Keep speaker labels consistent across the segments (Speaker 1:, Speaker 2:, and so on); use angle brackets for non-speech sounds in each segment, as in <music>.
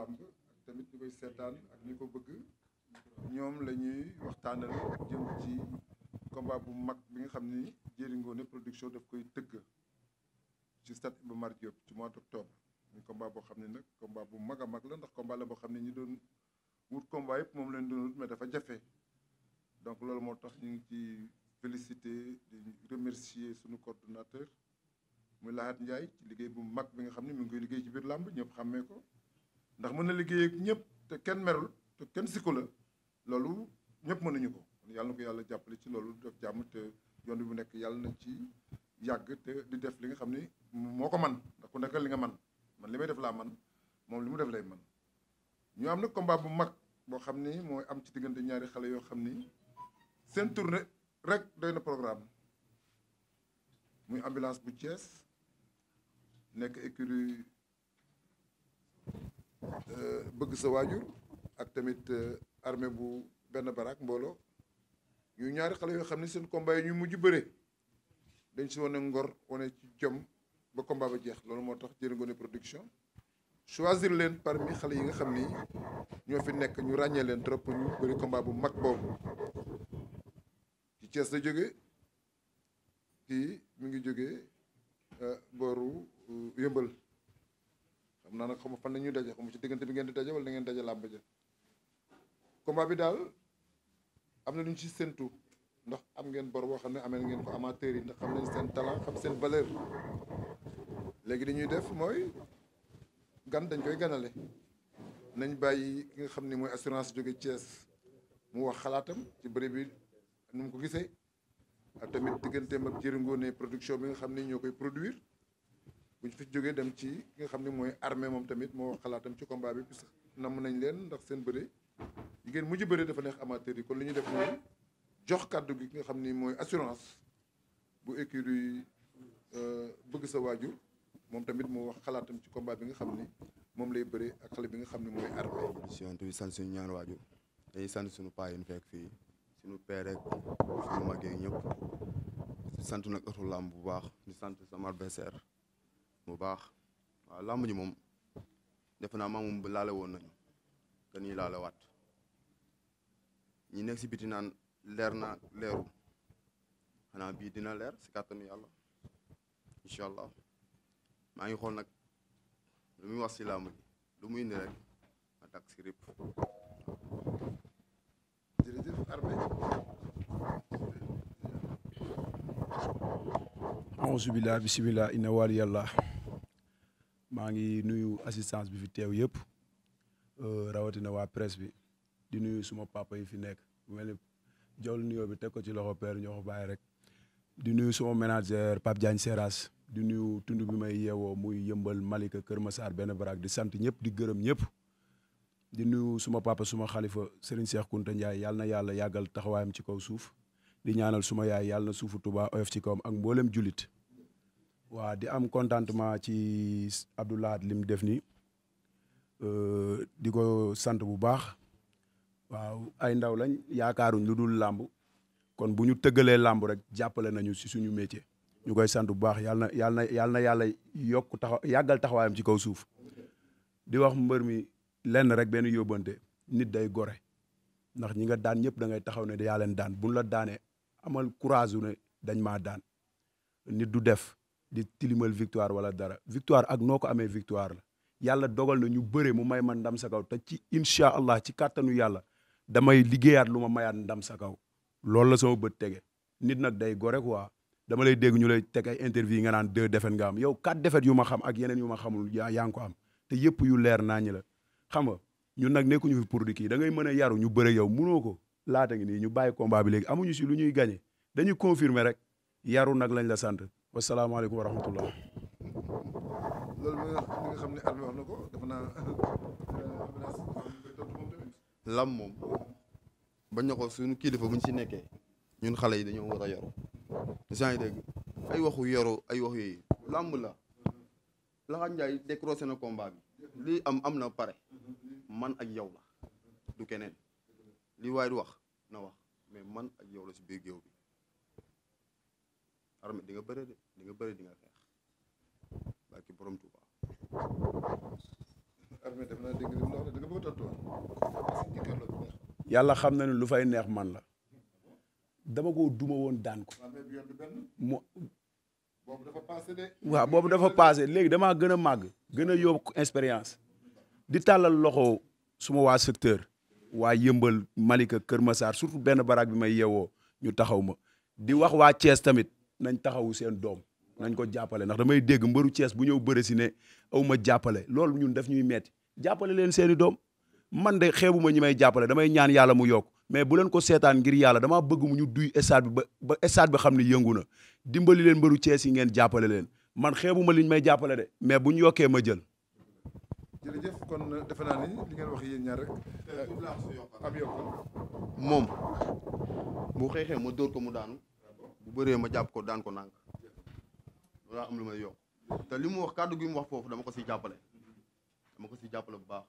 Speaker 1: làmb ak tamit ñu koy seetaan ak ñu ko bëgg ñoom la ñuy waxtaanal jëm ci combat bu mag bi nga xam ni Jeri ne production daf koy tëgg ci stade Iba Mar Diop ci mois d'octobre ñu combat boo xam ne nag combat bu mag a mag la ndax combat la boo xam ne ñi doon wut combat yëpp moom leen doon wut mais dafa jafe donc loolu moo tax ñu ngi ci féliciter di remercier suñu coordonnateur muy Lahat Ndiaye ci liggéey bu mag bi nga xam ne mu ngi koy liggéey ci biir làmb ñëpp xàmmee ko ndax mën na liggéey ak ñëpp te kenn merul te kenn siko la loolu ñëpp mënuñu ko yàlla na ko yàlla jàppale ci loolu def jàmm te yoon bi bu nekk yàlla na ci yàgg te di def li nga xam ni moo ko man ndax ku nekk li nga man man li may def laa man moom li mu def lay man ñu am na combat bu mag boo xam ni mooy am ci diggante ñaari xale yoo xam ni seen tournée rek doy na programme muy ambulance bu Thiès nekk écurie Euh, bëgg sa waajur ak tamit euh, armée bu benn baraak mbooloo ñu ñaari xale yoo xam ne seen combat yi ñu mujj bëre dañ si wane ngor wane ci jom ba combat ba jeex loolu moo tax Jëri Ngoné production choisir leen parmi xale yi nga xam ni ñoo fi nekk ñu ràññee leen trop pour ñu bëri combat bu mag boobu ci Thiès la jóge kii mu ngi jóge euh, booru yëmbal xam naa nag xaw ma fan la ñuy daje ci diggante bi ngeen di daje wala na ngeen daje làmb ja combat bi daal am na lu ñu ci séntu ndax am ngeen bor boo xam ne amee ngeen ko amateur yi ndax xam nañ seen talent xam seen valeur léegi li def mooy gan dañ koy ganale nañ bàyyi ki nga xam ne mooy assurance jóge Thiès mu wax xalaatam ci bëri bi nu ko gisee a tamit digganteem ak jëriñoo ne production bi nga xam ne ñoo koy produire. buñ fi jógee dem ci ki nga xam ne mooy armée moom tamit moo wax xalaatam ci kombaa bi puisque namm nañ leen ndax seen bëre yi ngeen mujj bëre dafa neex amateur yi kon lu ñu def mooy jox kàddu gi ki nga xam ni mooy assurance bu écurie euh, bëgg sa waajur moom tamit moo wax xalaatam ci combat bi nga xam ni moom lay bëre ak xale bi nga xam ne mooy armée.
Speaker 2: siyante bi sant suñu ñaan waajur dañuy sant suñu paa yi ñu fekk fii suñu père rek suñu mag yi ñëpp sant nag ëttu làmb bu baax di sant sama adversaire bu baax waaw làmb ji moom defe naa maa moom woon nañu dañuy laale waat ñi nekk si biti naan leer na leeru xanaa bii dina leer si kattanu yàlla incha allah maa ngi xool nag lu muy wax si làmb ji lu muy indi rek ma takk si rip jërëjëf armé
Speaker 3: billah bisimillah inna wali maa ngi nuyu assistance bi fi teew yëpp euh, rawatina waa presse bi di nuyu suma papa yi fi nekk mel ni jawlu nuyoo bi teg ci loxo père ñoo bàyyi rek di nuyu suma manager Pape Diagne Seras di nuyu tund bi may yeewoo muy yëmbal Malika Kër Massar benn baraak di sant ñëpp di gërëm ñëpp di nuyu suma papa suma xalifa Serigne Cheikh Kounta Ndiaye yàlla na yàlla yàggal taxawaayam ci kaw suuf di ñaanal suma yaay yàlla suufu tubaa oyof ci kawam ak mbooleem julit waa di am contentement ci Abdou Lahad li mu def nii euh, di ko sant bu baax waaw ay ndaw lañ yaakaaruñ lu dul làmb kon bu ñu tëggalee làmb rek jàppale nañu si suñu métier ñu koy sant bu baax yàlla na yàlla na yàlla na yàlla yokk taxaw yàggal taxawaayam ci kaw suuf di wax mbër mi lenn rek benn yóbbante nit day gore ndax ñi nga daan ñëpp da ngay taxaw ne da leen daan bun la daanee amal courage ne dañ maa daan nit du def di tilimal victoire wala dara victoire ak noo ko amee victoire la yàlla dogal na ñu bëre mu may man dam sa kaw te ci incha allah ci kàttanu yàlla damay liggéeyaat lu ma mayaat ndam sa kaw loolu la sama bët tege nit nag day gore quoi dama lay dégg ñu lay teg ay interview nga naan deux defen nga am yow quatre défaites yu ma xam ak yeneen yu ma xamul yaa yaa am te yëpp yu leer naa ñi la xam nga ñun nag nekkuñu fi pour di kii da ngay mën a yaru ñu bëre yow munoo ko laata ngi nii ñu bàyyi combat bi léegi amuñu si lu ñuy gagné dañuy confirmer rek yaru nag lañ la sant wa salaamaaleykum wa rahmatullah.
Speaker 1: loolu mooy li xam ne Armé na ko defe naa.
Speaker 3: lam
Speaker 2: moom bañ na ko suñu kilifa buñ si nekkee ñun xale yi dañoo war a yoru yaa ngi dégg ay waxu yoru ay wax yooyu làmb la. Laxaat Njaay décroché na combat bi lii am am na pare man ak yow la du keneen li waay du wax na wax mais man ak yow la si biir géew bi. armée di nga bëre de nga bëre di nga xeex
Speaker 3: yàlla xam na ne lu fay neex man la dama ko duma woon daan ko. dafa passé waaw boobu dafa passé léegi damaa gën a màgg gën a yokk expérience di tàllal loxo suma waa secteur. waa yëmbal Malika Kër Massar surtout benn baraag bi may yeewoo ñu taxaw ma di wax waa Thiès tamit. nañ taxawu seen doom nañ ko jàppale ndax damay dégg mbëru Cees bu ñëw bëre si ne aw ma jàppale loolu ñun def ñuy metti jàppale leen seeni doom man de xeebuma ñu may jàppale damay ñaan yàlla mu yokk mais bu leen ko seetaan ngir yàlla damaa bëgg mu ñu duy stade bi ba ba stade bi xam ni yëngu na dimbali leen mbëru Cees yi ngeen jàppale leen man xeebuma ñu may jàppale de mais bu ñu yokkee ma jël
Speaker 1: jërëjëf kon euh, defe naa ni ngeen wax yéen ñaar rek euh, am yokk
Speaker 2: moom bu
Speaker 1: xeexee ma dóor ko mu daanu
Speaker 2: bu bëree ma jàpp ko daan ko nànk loolu am lu ma yokk te li mu wax kàddu gi mu wax foofu dama ko si jàppale dama ko si jàppale bu baax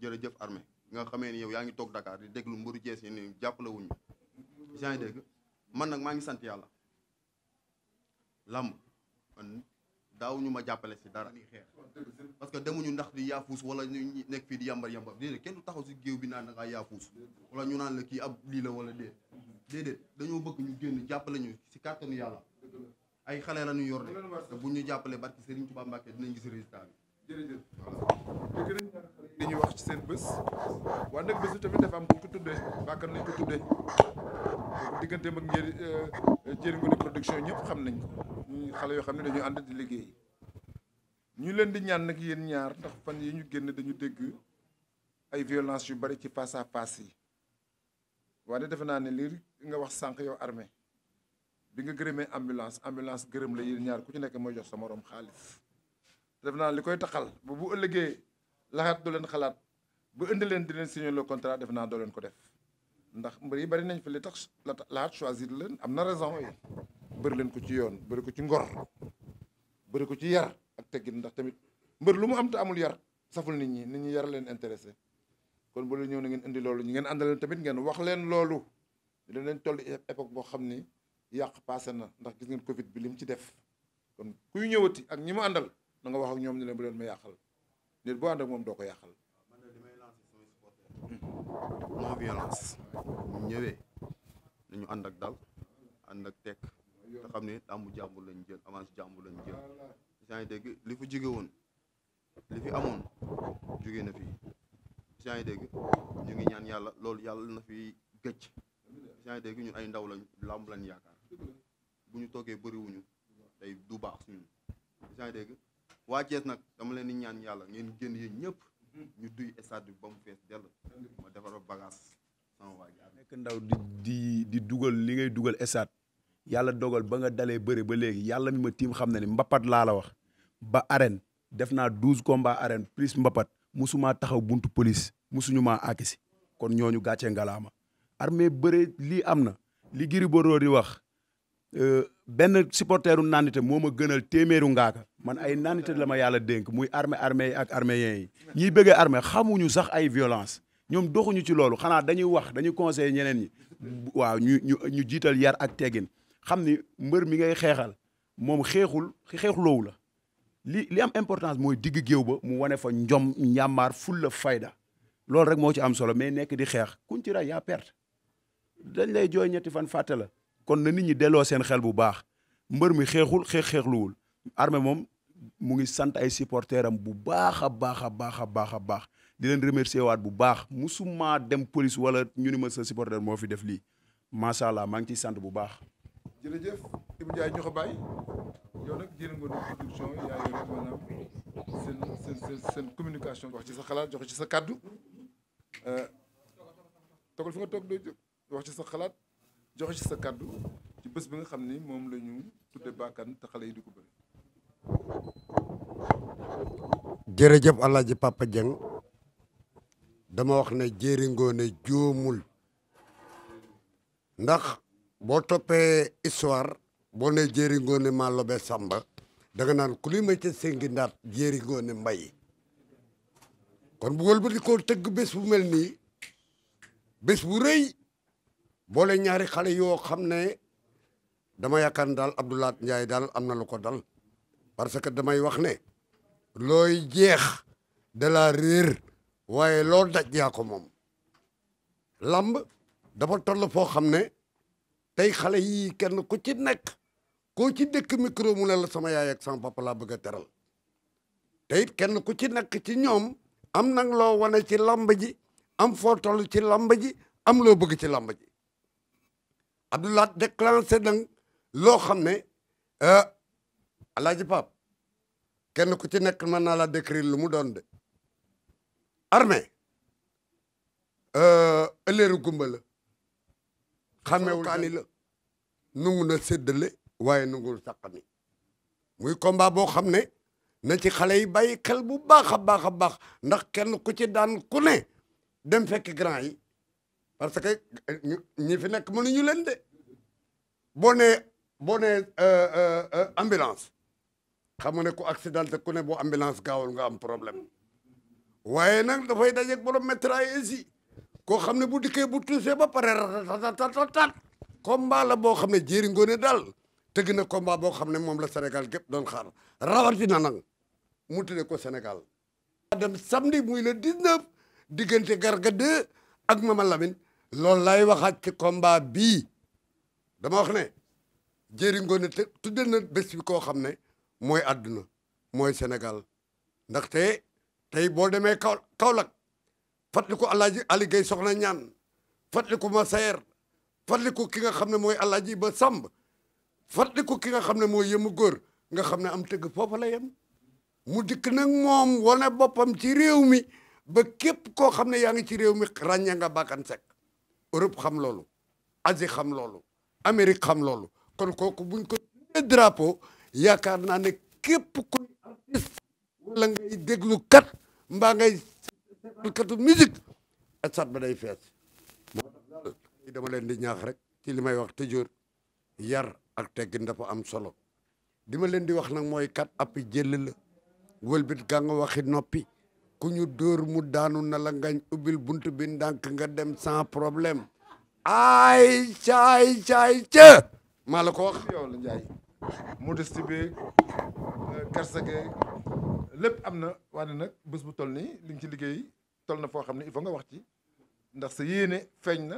Speaker 2: jërëjëf arme nga xamee ni yow yaa ngi toog dakaar di déglu mbaru Cees yi ni jàppale wuñu yaa ngi dégg man nag maa ngi sant yàlla làmb man daawuñu ma jàppale si dara parce que demuñu ndax di yaafuus wala ñu nekk fii di yambar yambar déedéet kenn du taxaw si géew bi naan da ngaa ñu naan la kii ab lii la wala déet déedéet dañoo bëgg ñu génn jàppale ñu si kàttanu yàlla ay xale la ñu yor de te bu ñu jàppale barki seen Touba Mbacke dinañ gis résultat bi. jërëjëf
Speaker 1: waaw li ñuy wax ci seen bés waaye nag bés bi tamit dafa am ku ko tuddee Bakar nañ ko tuddee diggante mag njëri euh, njëriñ bu ne production ñëpp xam nañ xale yoo xam ne dañuy ànd di liggéey ñu leen di ñaan nag yéen ñaar ndax fan yi ñu génn dañu dégg ay violence yu bari ci face à yi. waaye defe naa ne lii nga wax sànq yow armée bi nga gërëmee ambulance ambulance gërëm la yéen ñaar ku ci nekk mooy jox sa room xaalis defe naa li koy taxal ba bu ëllëgee laxaat doo leen xalaat ba indi leen di leen signé le contrat defe naa doo leen ko def ndax mbër yi bari nañ fi li tax laxaat choisir leen am na raison yi bëri leen ko ci yoon bëri ko ci ngor bëri ko ci yar ak teggin ndax tamit mbër lu mu am te amul yar saful nit ñi nit ñi yara leen intéressé kon bu ñëw na ngeen indi loolu ñu ngeen àndal tamit ngeen wax leen loolu dinañ toll époque boo xam ni yàq passé na ndax gis ngeen Covid bi lim ci def kon kuy ñëwati ak ñi mu àndal na nga wax ak ñoom ne leen bu leen ma yàqal nit boo ànd moom doo ko yàqal.
Speaker 2: Hmm. non violence bu ñëwee nañu ànd ak dal ànd ak tekk te xam ne tàmbu jàmbur lañ jël avance jàmbur lañ jël. yaa ngi dégg li fi jóge woon li fi amoon jóge na fii. yaa ngi dégg ñu ngi ñaan yàlla loolu yàlla na fi gëcc yaa ngi dégg ñun ay ndaw lañ làmb lañ yaakaar bu ñu toogee bariwuñu tey du baax suñu yaa nag dama leen di ñaan yàlla ngeen génn yéen ñëpp ñu duy stade bi ba fees dell ma defara bagage sama
Speaker 3: waa nekk ndaw di di di dugal li ngay dugal stade yàlla dogal ba nga dalee bari ba léegi yàlla mi ma tiim xam na ni mbapat laa la wax ba arène def naa douze combats arène plus mbapat musumaa taxaw buntu police musuñu ma akisi kon ñooñu gàcce ngalaama armée bëre lii am na li Gris Bordeaux di wax euh, benn supporteru naanite moom ma gënal téeméeru ngaaka man ay naanite la ma yàlla dénk muy armée armée ak arméen yi ñiy bëggee armée xamuñu sax ay violence ñoom doxuñu ci loolu xanaa dañuy wax dañuy conseiller ñeneen ñi waaw ñu ñu ñu jiital yar ak teggin xam ni mbër mi ngay xeexal moom xeexul xeexuloowu la li li am importance mooy digg géew ba mu wane fa njom njàmbaar fulla fayda loolu rek moo ci am solo mais nekk di xeex kuñ ci ray yaa perte dañ lay jooy ñetti fan fàtte la kon na nit ñi delloo seen xel bu baax mbër mi xeexul xeex xeexluwul armée moom mu ngi sant ay supporteurs am bu baax a baax a baax a baax a baax di leen remercier waat bu baax musuma dem police wala ñu ni ma sa supporter moo fi def lii macha allah maa ngi ciy sant bu baax.
Speaker 1: jërëjëf Ibou Ndiaye communication wax ci sa xalaat joxe ci sa kàddu euh, toogal fi nga toog ci sa xalaat joxe ci sa kàddu ci bés bi nga xam ni moom la ñu tudde yi
Speaker 4: jërëjëf El Hadj dama wax ne jëriñ nga ne ndax. boo toppee histoire boo ne jéeri ngoone maa lobe sàmba da nga naan ku li may ca séngi ndaat jéeri ngoone mbay kon bu wëlbati koo tëgg bés bu mel nii bés bu rëy boole ñaari xale yoo xam ne dama yaakaar ne daal Abdoulaat Njaay daal am na lu ko dal parce que damay wax ne looy jeex de la waaye loo daj yaa ko moom lamb dafa toll foo xam ne tey xale yi kenn ku ci nekk ko ci dëkk micro mu ne la sama yaay ak sama papa laa bëgg a teral te kenn ku ci nekk ci ñoom am nag loo wane ci lamb ji am foo toll ci lamb ji am loo bëgg ci lamb ji Abdoulaye déclenché nag loo xam ne euh, alaaji pap kenn ku ci nekk mën naa laa décrire lu mu doon de armée euh, ëlleeru gumba la xamewul kaani la nungu na séddale waaye nungul sàqami muy combat boo xam ne na ci xale yi bàyyi xel bu baax a baax a baax ndax kenn ku ci daan ku ne dem fekki grand yi parce que ñi fi nekk mënuñu leen de boo nee boo nee euh, euh, euh, ambulance xam nga ne ku accidenté ku ne boo ambulance gaawul nga am problème waaye nag dafay dajeeg borom métrailleuses yi koo xam ne bu dikkee bu tuusee ba pare ratatatatat combat la boo xam ne jéeri ngoone daal tëgg na komba boo xam ne moom la senegal gépp doon xaar rawatina nag mu tuddee ko Sénégal. dem samedi muy le 19 diggante Garga 2 ak Mama Lamine loolu lay waxaat ci combat bii dama wax ne jéeri ngoone tudde na bés bi koo xam ne mooy àdduna mooy Sénégal ndaxte tey boo demee Kaolack fàttaliku alaaji Ali Guèye soxna ñaan fàttaliku ma sayer fàttaliku ki nga xam ne mooy alaaji ba sàmb fàttaliku ki nga xam ne mooy yëmu góor nga xam ne am tëgg foofa yem mu dikk nag moom wane boppam ci réew mi ba képp koo xam ne yaa ngi ci réew mi ràññee nga Bakane Seck Europe xam loolu Asie xam loolu Amérique xam loolu kon kooku buñ ko tuddee drapeau yaakaar naa ne képp kuy wala ngay déglu kat mbaa ngay katu musique stade ba day fees moo dama leen di ñaax rek ci li may wax toujours yar ak teggin dafa am solo dima leen di wax nag mooy kat app jëll la wëlbit gaa waxi noppi ku ñu dóor mu daanu na la ngañ ubbil bunt bi ndànk nga dem sans problème ay caay caay ca maa la ko wax yow la njaay
Speaker 1: modestie euh, lépp am na waaye nag bés bu toll nii li nga ci liggéey tol na foo xam ne il fa nga waxti ndax sa yéene feeñ na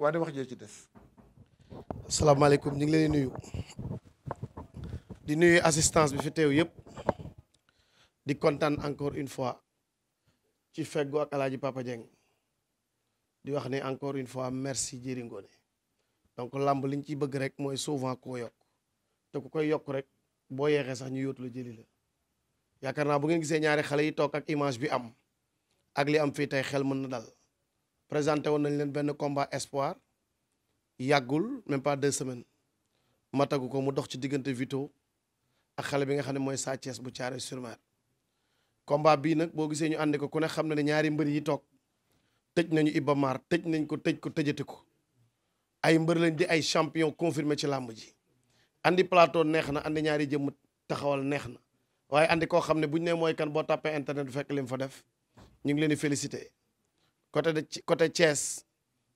Speaker 1: waaye wax jee ci des.
Speaker 5: asalaamaaleykum ñu ngi leen nuyu di nuyu assistance bi fi teew yëpp di kontaan encore une fois ci feggu ak alaaji Papa di wax ne encore une fois merci jëri ngoone donc làmb liñ ciy bëgg rek mooy souvent koo yokk te ku koy yokk rek boo yeexee sax ñu yootula la jëli la yaakaar naa bu ngeen gisee ñaari xale yi toog ak image bi am ak li am fii tey xel mën na dal présenté woon nañ leen benn combat espoir yàggul même pas deux semaines ma tagu ko mu dox ci diggante Vito ak xale bi nga xam ne mooy Sa Thiès bu Thiaroye sur Mer combat bii nag boo gisee ñu àndi ko ku ne xam na ne ñaari mbër yi toog tëj nañu Iba Mar tëj nañ ko tëj ko tëjati ko ay mbër lañ di ay champion confirmé ci làmb ji andi plateau neex na andi ñaari jëmm taxawal neex na waaye andi koo xam ne buñ ne mooy kan boo tàppee internet fekk lim fa def ñu ngi leen di félicité côté de côté Thiès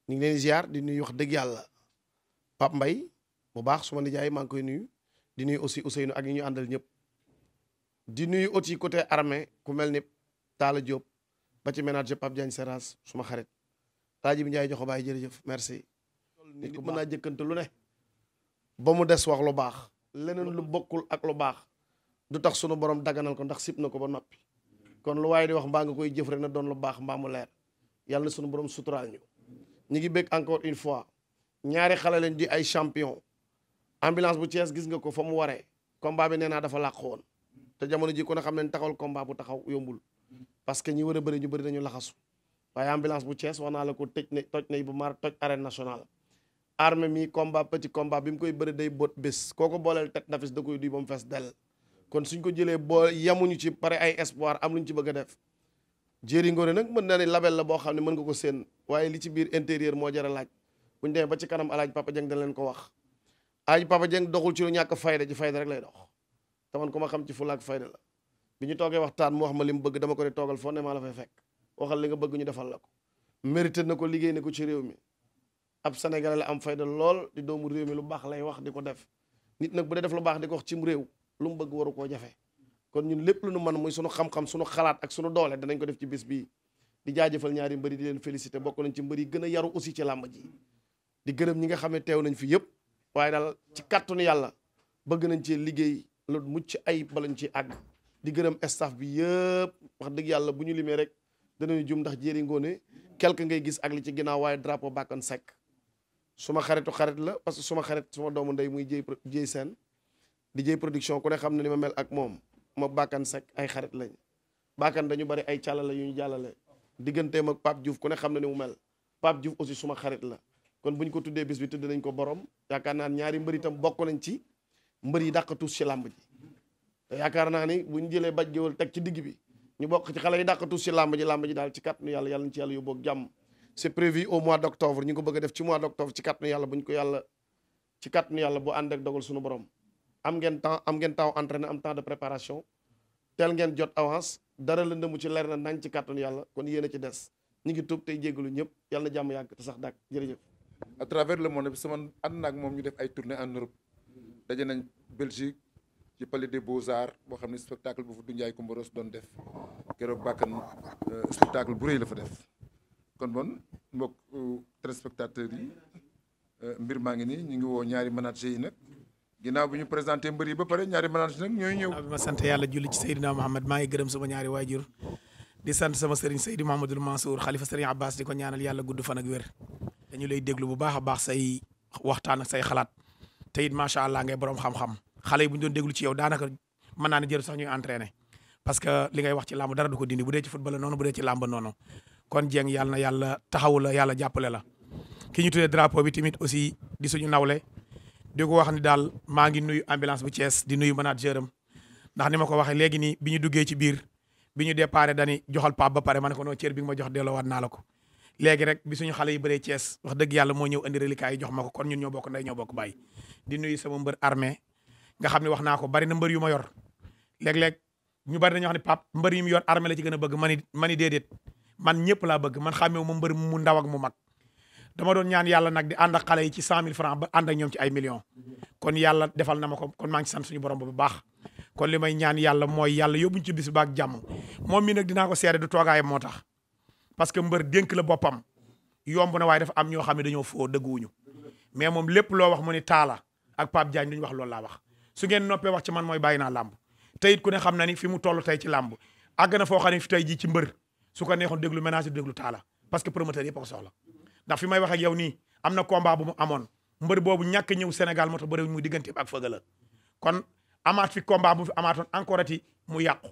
Speaker 5: ñu ngi leen di di nuyu wax dëgg yàlla Pape mbay bu baax su nijaay maa ngi koy nuyu di nuyu aussi Ousseynou ak ñi ñu àndal ñëpp di nuyu aussi côté armée ku mel ni Talla Diop ba ci ménager Pape Diagne Seras suma xarit Taaji bi Ndiaye jox baay jërëjëf merci. nit ku mën naa jëkkante lu ne. ba mu des wax lu baax. leneen lu bokkul ak lu baax. du tax sunu borom daganal ko ndax sib na ko ba noppi. kon lu waaye di wax mbaa nga koy jëf rek na doon lu baax mbaa mu leer yàlla na sunu borom suturaal ñu ñu ngi bëgg encore une fois ñaari xale lañ di ay champion ambulance bu Thiès gis nga ko fa mu waree combat bi nee naa dafa làq woon te jamono ji ku ne xam ne taxawal combat bu taxaw yombul parce que ñi war a bëri ñu bëri dañu laxasu waaye ambulance bu Thiès wax naa la ko tëj ne toj na bu mar toj arène nationale armée mi combat petit combat bi mu koy bëri day bot bés koo ko booleel tête d'affiche da koy duy ba mu fees kon suñ ko jëlee boo yamuñu ci pare ay espoir am luñ ci bëgg a def Jéeri Ngoone nag mën na ne label la boo xam ne mën nga ko seen waaye li ci biir intérieur moo jar a laaj ñu demee ba ci kanam alaaj Papa Dieng dañ leen ko wax alaaj Papa Dieng doxul ci lu ñàkk fayda ci fayda rek lay dox te man ku ma xam ci fu fulaak fayda la bi ñu toogee waxtaan mu wax ma li mu bëgg dama ko ne toogal foo ne maa la fay fekk waxal li nga bëgg ñu defal la ko mérité na ko liggéey na ko ci réew mi ab Sénégalais am fayda lool di doomu réew lu baax lay wax di ko def nit nag bu dee def lu baax di ko wax cim réew lu mu bëgg waru koo jafe kon ñun lépp lu nu mën muy sunu xam-xam sunu xalaat ak sunu doole danañ ko def ci bis bii di jaajëfal ñaari mbëri di leen félicité bokk nañ ci mbër yi gën a yaru aussi ci làmb ji di gërëm ñi nga xam ne teew nañ fi yëpp waaye daal ci kàttanu yàlla bëgg nañ ci liggéey lu mucc ayib balañ ci àgg di gërëm staff bi yëpp wax dëgg yàlla bu ñu limee rek danañu jum ndax jéeri ngoone quelque ngay gis ak li ci ginnaaw waaye drapeau bàkkoon sec suma xaritu xarit la parce que suma xarit suma doomu ndey muy jéy jéy seen DJ production ku ne xam na ni ma mel ak moom ma bàkkan sec ay xarit lañ bàkkan dañu bari ay càllale yu ñu jàllale digganteem ak Pape Diouf ku ne xam na ni mu mel Pape Diouf aussi suma xarit la kon bu ñu ko tuddee bis bi tudd nañ ko borom yaakaar naa ñaari mbër bokk nañ ci mbër yi dàq tuus ci làmb ji naa ni bu ñu jëlee baj géwal teg ci digg bi ñu bokk ci xale yi dàq tuus ci làmb ji làmb ji daal ci kàttanu yàlla yàlla ñu ci yàlla yóbbu ak jàmm c'est prévu def ci mois d'octobre ci kàttanu yàlla bu ñu ko yàlla ci kàttanu yàlla bu ànd ak dogal suñu borom am ngeen temps am ngeen temps entraîné am temps de préparation teel ngeen jot avance dara la ndëmu ci leer na nañ ci kattoon yàlla kon yéen a ci des ñu ngi tuub tey jéggalu ñëpp yàlla na jàmm yàgg te sax dàkk jërëjëf. à travers le monde bi sama ànd naag moom ñu def ay tournée en Europe
Speaker 1: daje nañ Belgique ci palais des beaux boo xam ne spectacle bu njaay Dundiaay Kumbaros doon def keroog bàkkan euh, spectacle bu rëy la fa def kon bon mbokk euh, téléspectateurs yi euh, mbir maa ngi nii ñu ngi woo ñaari manager yi nag. ginnaaw bi ñu présenté mbër yi ba pare ñaari mélange nag ñooy
Speaker 6: ñëw ma sant yàlla julli ci Seydina Mohamed maa ngi gërëm sama ñaari waajur di sant sama sëriñ Seydi Mouhamadul Mansour xalifa sëriñ Abbas di ko ñaanal yàlla gudd fan ak dañu lay déglu bu baax a baax say waxtaan ak say xalaat te it macha allah ngay borom xam-xam xale yi bu ñu doon déglu ci yow daanaka mën naa ne jëru sax ñu entraîné parce que li ngay wax ci làmb dara du ko dindi bu dee ci football noonu bu dee ci làmb noonu kon Dieng yàlla na yàlla taxawu la yàlla jàppale la ki ñu tuddee drapeau bi tamit aussi di suñu nawle di ko wax ni daal maa ngi nuyu ambulance bu Thiès di nuyu manager am ndax ni ma ko waxee léegi nii bi ñu duggee ci biir bi ñu déparé dani joxal Pape ba pare ma ne ko noo cër bi nga ma jox delloowaat naa la ko léegi rek bi suñu xale yi bëree cees wax dëgg yàlla moo ñëw indi reliquat yi jox ma ko kon ñun ñoo bokk nday ñoo bokk bàyyi di nuyu sama mbër armée nga xam ne wax naa ko bari na mbër yu ma yor léeg-léeg ñu bari dañuy wax ne Pape mbër yu mu yor arme la ci gën a bëgg mani mani déedéet man ñëpp laa bëgg man ma mbër mu ndaw ak mu mag dama doon ñaan yàlla nag di ànd ak xale yi ci cent mille francs ba ànd ak ñoom ci ay millions kon yàlla defal na ma ko kon maa ngi sant suñu borom bu baax kon li may ñaan yàlla mooy yàlla yóbbuñ ci bis ba ak jàmm moom mi nag dinaa ko seede du toogaay moo tax parce que mbër dénk la boppam yomb na waaye dafa am ñoo xam ne dañoo foo dëgguwuñu mais moom lépp loo wax mu ni taala ak Pape Diagne duñu wax loolu laa wax su ngeen noppee wax ci man mooy bàyyi naa lamb te ku ne xam na ni fi mu toll tey ci làmb àgg na foo xam ne tey ji ci mbër su ko neexoon déglu ménage déglu taala parce que promoteur yëpp ko soxla ndax fi may wax ak yow nii am na combat bu mu amoon mbër boobu ñàkk ñëw Sénégal moo tax bëri muy diggante ak fëga la kon amaat fi combat bu fi amaatoon encore ati mu yàqu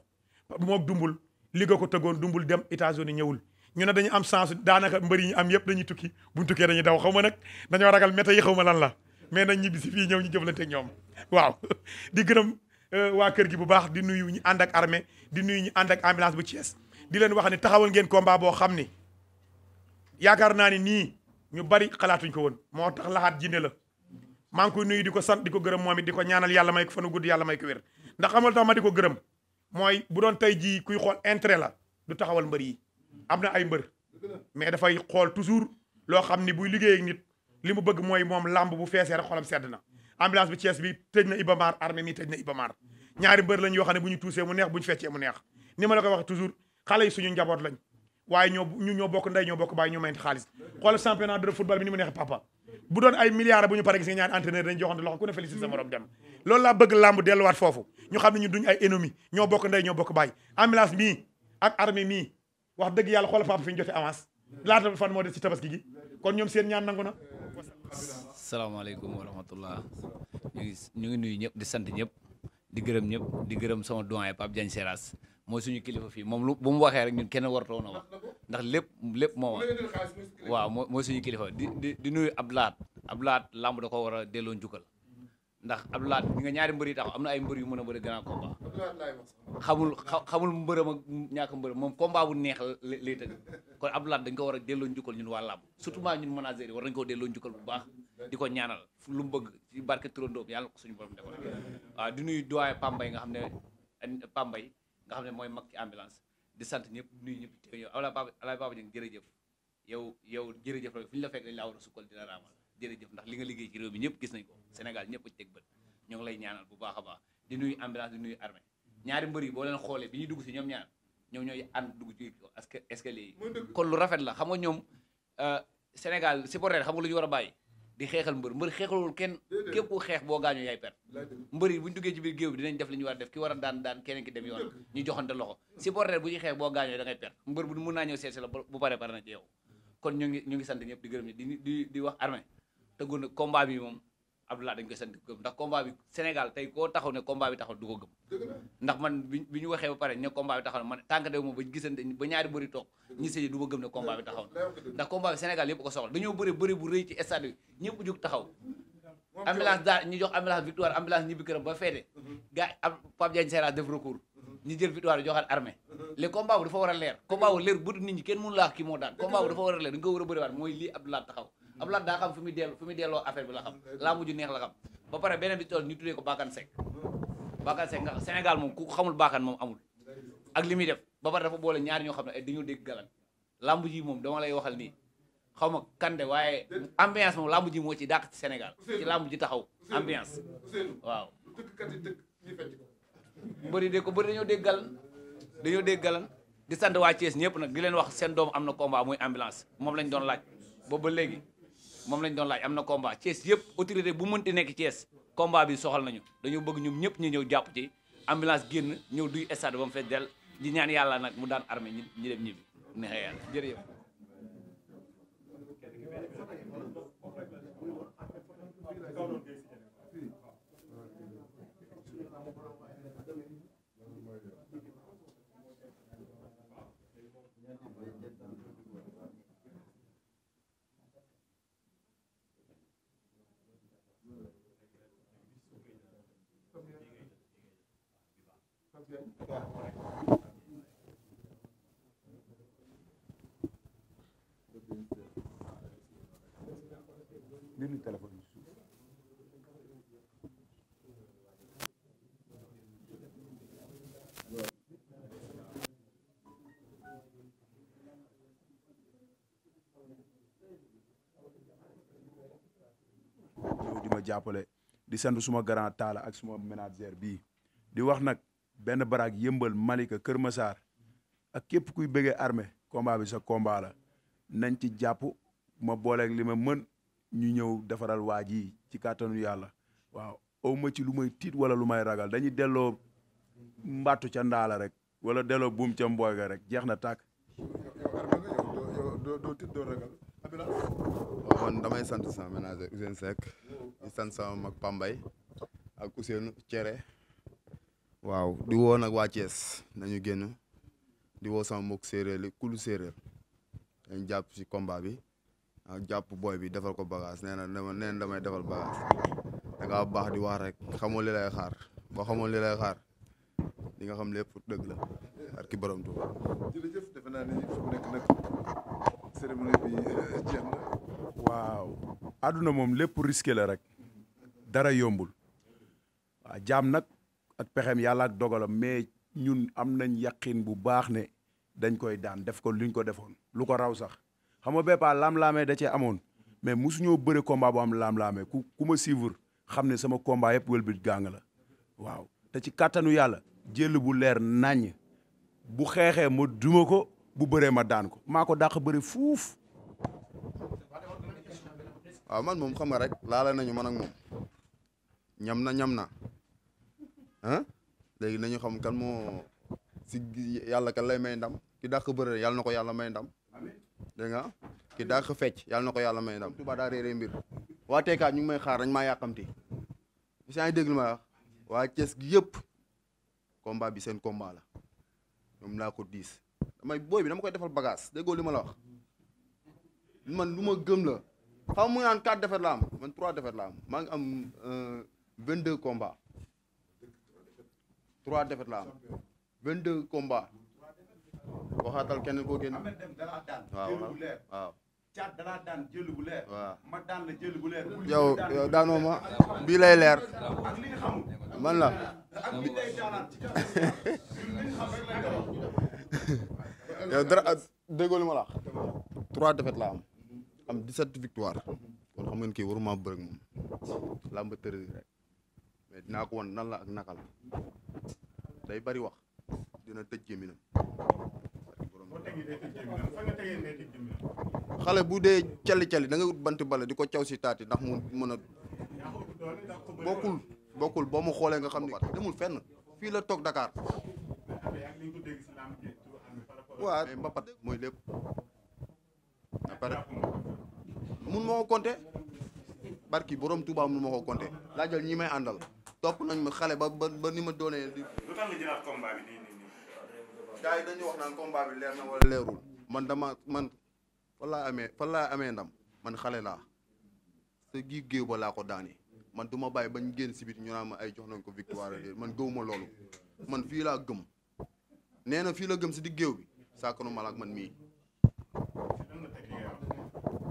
Speaker 6: moog dumbul li nga ko tëggoon dumbul dem États-Unis ñëwul ñu ne dañu am chance daanaka mbër yi ñu am yëpp dañuy tukki buñ tukkee dañuy daw xaw ma nag dañoo ragal méta yi xaw ma lan la mais nañ ñibbi si ñëw ñu jëflante ñoom waaw <laughs> di gërëm euh, waa kër gi bu baax di nuyu ñu ànd ak armée di nuyu ñu ànd ak ambulance bu Thiès di leen wax ne taxawal ngeen combat boo xam ni yaakaar naa ni nii ñu bari xalaatuñ ko woon moo tax laxaat jinne la maa ngi koy nuyu di ko sant di ko gërëm moom it di ko ñaanal yàlla may ko fanu gudd yàlla may ko wér ndax xamal tax ma di ko gërëm mooy bu doon tey jii kuy xool intérêt la du taxawal mbër yi am na ay mbër mais dafay xool toujours loo xam ni buy liggéey ak nit li mu bëgg mooy moom làmb bu feesee rek xolam sedd na ambulance bi Thiès bi tëj na Ibamar armée mi tëj na Ibamar ñaari mbër lañ yoo xam ne bu ñu tuusee mu neex bu ñu feccee mu neex ni ma la wax toujours xale yi suñu njaboot lañ waaye ñoo ñu ñoo bokk ndey ñoo bokk baay ñoo mayante xaalis xoolal championnat de football bi ni mu neex papa bu doon ay milliards bu ñu paree gis nga ñaari entraîneur dañu joxante loxo ku ne sa morom dem loolu laa bëgg làmb delluwaat foofu ñu xam ne ñu duñ ay ennemi ñoo bokk ndey ñoo bokk baay ambulance mii ak armée mii wax dëgg yàlla xoolal papa fi ñu jote avance laata fan moo des ci tabaski gi kon ñoom seen ñaan nangu na
Speaker 7: salaamaaleykum wa rahmatullah ñu ngi ñu ngi nuyu ñëpp di sant ñëpp di gërëm ñëpp di gërëm sama doyen Pape Diagne mooy suñu kilifa fii moom lu bu mu waxee rek ñun kenn wartoon a ndax lépp lépp moo waaw moo suñu kilifa di di di nuyu Abdoulaat Abdoulaat làmb da ko war a delloo njukkal ndax Abdoulaat ñi nga ñaari mbër yi taxaw am na ay mbër yu mën a bëri grand combat xamul xamul mbërëm ak ñàkk mbërëm moom combat bu neex lay tëgg kon Abdoulaat dañ ko war a delloo njukkal ñun waa làmb surtout ment ñun managers yi war nañ ko delloo njukkal bu baax di ko ñaanal lu mu bëgg ci barke turandoom yàlla ko suñu borom defal waaw di nuyu doyen nga xam ne Pambay nga xam ne mooy mag ci ambulance di sant ñëpp nuyu ñëpp teew ñëw ala baba jërëjëf yow yow jërëjëf rek fu ñu la fekk war a sukkal di la raamal jërëjëf li nga liggéey ci réew bi ñëpp gis nañ ko Sénégal ñëpp a ci teg bët ñoo ngi lay ñaanal bu baax a baax di nuyu ambulance di nuy armée ñaari mbër yi boo leen xoolee bi ñu dugg si ñoom ñaar ñoom ñooy ànd dugg ci escalier yi kon lu rafet la xam nga ñoom euh, Sénégal supporter xam nga lu ñu war a bàyyi di xeexal mbër mbër xeexalul kenn képp ku xeex boo gaañoo yaay per mbër yi bu ñu duggee ci biir géew bi dinañ def li ñu war def ki war a daan daan keneen ki dem yoon ñu joxante loxo supporter bu ñuy xeex boo gaañoo da ngay per mbër bu mun naa ñëw seet si la bu pare pare na ci yow kon ñu ngi ñu ngi sant ñëpp di gërëm ñi di di di wax armée te gun combat bi moom Abdoulaye dañ koy sant ko ndax combat bi Sénégal tey koo taxaw ne du ko gëm ndax man bi ñu waxee ba pare ne combat taxaw ne man tànk dew ma ba gisante ba ñaari bëri toog ñi sëyi du ma gëm ne combat bi taxaw na ndax combat Sénégal yëpp ko soxla dañoo bëri bëri bu rëy ci stade bi ñëpp jóg taxaw ambulance daal ñu jox ambulance victoire ambulance ñibbi këram ba feete mhm. gars am Pape Diagne def recours mhm. ñu jël victoire joxaat armée mhm. le dafa war a leer combat a leer a bëri waat mooy Abdoulaye daa xam fi muy dellu fi delloo affaire bi la xam laa mujj neex la xam ba pare beneen bi tool ñu tuddee ko Bakane Seck Bakane Seck nga Sénégal moom ku xamul Bakane moom amul ak li muy def ba pare dafa boole ñaari ñoo xam ne dañoo dégg galan lamb ji moom dama lay waxal nii xaw ma kande waaye ambiance moom ji moo ci dàq ci Sénégal ci lamb ji taxaw ambiance waaw mbëri de ko mbëri dañoo dégg galan dañoo dégg galan di sant waa Thiès ñëpp nag di leen wax seen doom am na combat muy ambulance moom lañ doon laaj boobu ba léegi moom lañ doon laaj am na combat cees yëpp autorité bu ti nekk Thiès combat bi soxal nañu dañoo bëgg ñoom ñëpp ñu ñëw jàpp ci ambulance génn ñëw duy stade ba mu fees dell di ñaan yàlla nag mu daan armée ñi dem ñibbi neexee yàlla jërëjëf
Speaker 3: benn di ma jàppale di sant suma grand ak suma ménagère bi di wax nag benn baraag yëmbal Malika Kër Massar ak képp kuy bëggee armée combat bi sa combat nañ ci jàpp ma booleeg li mën ñu ñëw defaral waa ji ci kàttanu yàlla waaw aw ma ci lu may tiit wala lu may ragal dañuy delloo mbàttu ca ndaala rek wala delloo buum ca mbooy rek jeex na tàkk.
Speaker 2: waaw man damay sant sama ménager Ousseynou mag Pambay ak Ousseynou Cere waaw di woo nag waa Thiès nañu génn di woo sama mbokk séeréer li kulu dañ jàpp ci combat bi jàpp booy bi defal ko bagage nee na nee na damay defal bagage da ngaa baax di wax rek xamoo li xaar boo xamoon li lay li nga xam lépp dëgg la ak ki borom Tuuba.
Speaker 1: jërëjëf defe
Speaker 3: <laughs> moom lépp risqué la rek dara yombul waaw jaam nag ak pexem yàlla ak dogalam mais ñun am na yaqin bu baax ne dañ koy daan def ko luñ ko defoon lu ko raw sax. xam nga bépp laam-laamee da cee amoon mais mosuñoo bëre combat bu am laam-laamee ku ku ma xam ne sama kombaa yëpp wëlbit gàng waaw te ci kàttanu yàlla jël bu leer naññ bu xeexee ma duma ko bu bëree ma daan ko maako ko dàq bëri fuuf.
Speaker 2: waaw man moom xam nga rek laala nañu man ak moom
Speaker 3: ñam na ñam na
Speaker 2: ah léegi nañu xam kan moo si yàlla kan lay may ndam ki dàq bëre yàlla na ko yàlla may ndam. dégg nga ki daa fecc yàlla na ko yàlla may ndam Touba daa réeree mbir waa TK ñu ngi may xaar dañ maa yàqamti saa ngi dégg lu ma wax waa Thiès gi yëpp combat bi seen combat la ñoom laa ko diis damay booy bi dama koy defal bagage déggoo la wax man lu ma gëm la xam mu naan am man trois défaites la am maa ngi am euh, vingt deux combats trois défaites la am vingt deux combats waxaatal keneen koo génn. Ahmed
Speaker 3: Deme dalaa bii lay leer. man la. ak li lay daanaat ci
Speaker 2: yow trois défaites la am am 17 victoire kon xam ngeen kii waruma bërëg moom làmb tërëri rek mais dinaa ko wan nan ak naka day bari dina tëj gémminam xale bu dee cali cali da ngay wut bant bale di ko caw si taati ndax mu mën a bokkul bokkul boo mu xoolee nga xam ne demul fenn fii la toog Dakar waaw mbapat mooy lépp pare mun ma ko compter barki borom Touba mun ma ko compter laajal ñi may àndal topp nañ ma xale ba ba ni ma doonee. lu gars yi dañuy wax naan combat bi leer leerul man dama man fa laa amee fan laa amee ndam man xale laa sa gi géew ba laa ko daane man du ma bàyyi bañ génn si biir ñu naan ma ay jox nañ ko victoire man gëw ma loolu man fii laa gëm nee na fii la gëm si di géew bi saakanu malaak man mii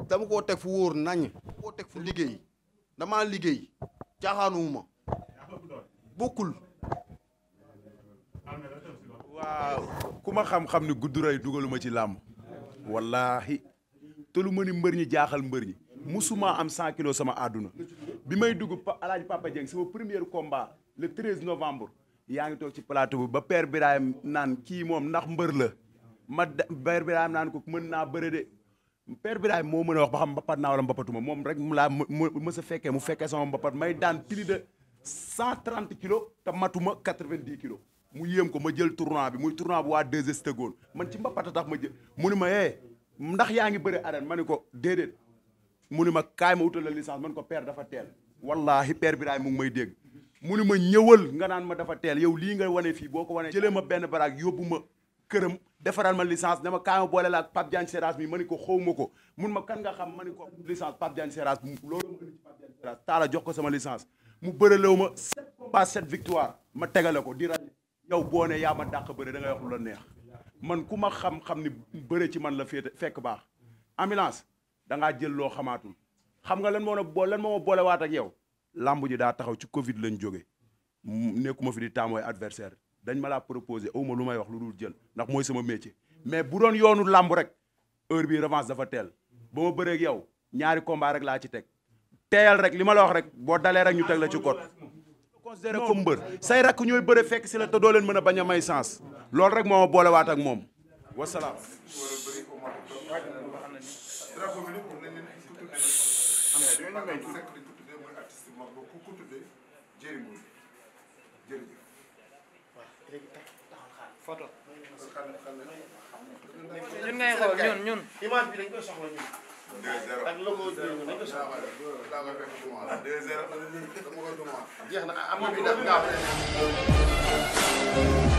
Speaker 2: dama koo teg fu wóor nañ koo teg fu liggéey damaa liggéey caaxaanuwuma
Speaker 3: bokkul waaw ku ma xam-xam ni gudd rey dugaluma ci làmb wallaahi te lu ma ni mbër ñi jaaxal mbër ñi musuma am 100 kilos sama àdduna bi may dugg pa El Hadj Papa Dieng première premier combat le 13 novembre yaa ngi toog ci palaatu bi ba Père Birahim naan kii moom ndax mbër la ma Père Birahim naan ko mën naa bëre de Père Birahim moo mën a wax ba xam mbapat naa wala mbapatuma moom rek mu laa mës a mu fekkee sama mbapat may daan tili de 130 kilos te matuma 90 kilos. mu yéem ko ma jël tournoi bi muy tournoi bu waa 2S tegoon man ci mbapat tax ma jël mu ni ma eh, ndax yaa ngi bëri arène ma ne ko déedéet mu ni ma kaay ma utal la licence man ko per dafa teel wallaahi per Biraay mu ngi may dégg mu ni ma ñëwal nga naan ma dafa teel yow lii nga wane fii boo ko wanee jëlee ma benn baraag yóbbu ma këram defaral ma licence dama kaay ma boole la ak Pape Diagne Seras mi ma ni ko xaw ma ko mun ma kan nga xam ma ni ko licence Pape Diagne Seras loolu ma ni jox ko sama licence mu bëralew ma sept combats sept victoire ma tegale ko di yow boo ne yaa ma dàq bëre dangay ngay wax lu la neex man ku ma xam-xam ni bëre ci man la féete fekk baax ambulance da ngaa jël loo xamaatul xam nga lan moo na boo lan moo ma boolewaat ak yow làmb ji daa taxaw ci Covid lañ jóge mm, nekkuma fi di tàmmooy adversaire dañ ma laa proposé awma lu may wax lu dul jël ndax mooy sama métier mais bu doon yoonu làmb rek heure bii revanche dafa teel ba ma bëreeg yow ñaari combat rek laa ci teg teyal rek li ma la wax rek boo dalee rek ñu teg la ci kot considéré comme mbër say rakk ñooy bëre fekk si la te doo mën a bañ a may sens loolu rek moo ma boolewaat ak moom wasalaam.
Speaker 1: ñun
Speaker 5: ngay 2-0 ak logo jooju
Speaker 2: nañ ko soxla. dama ko
Speaker 1: jeex na am na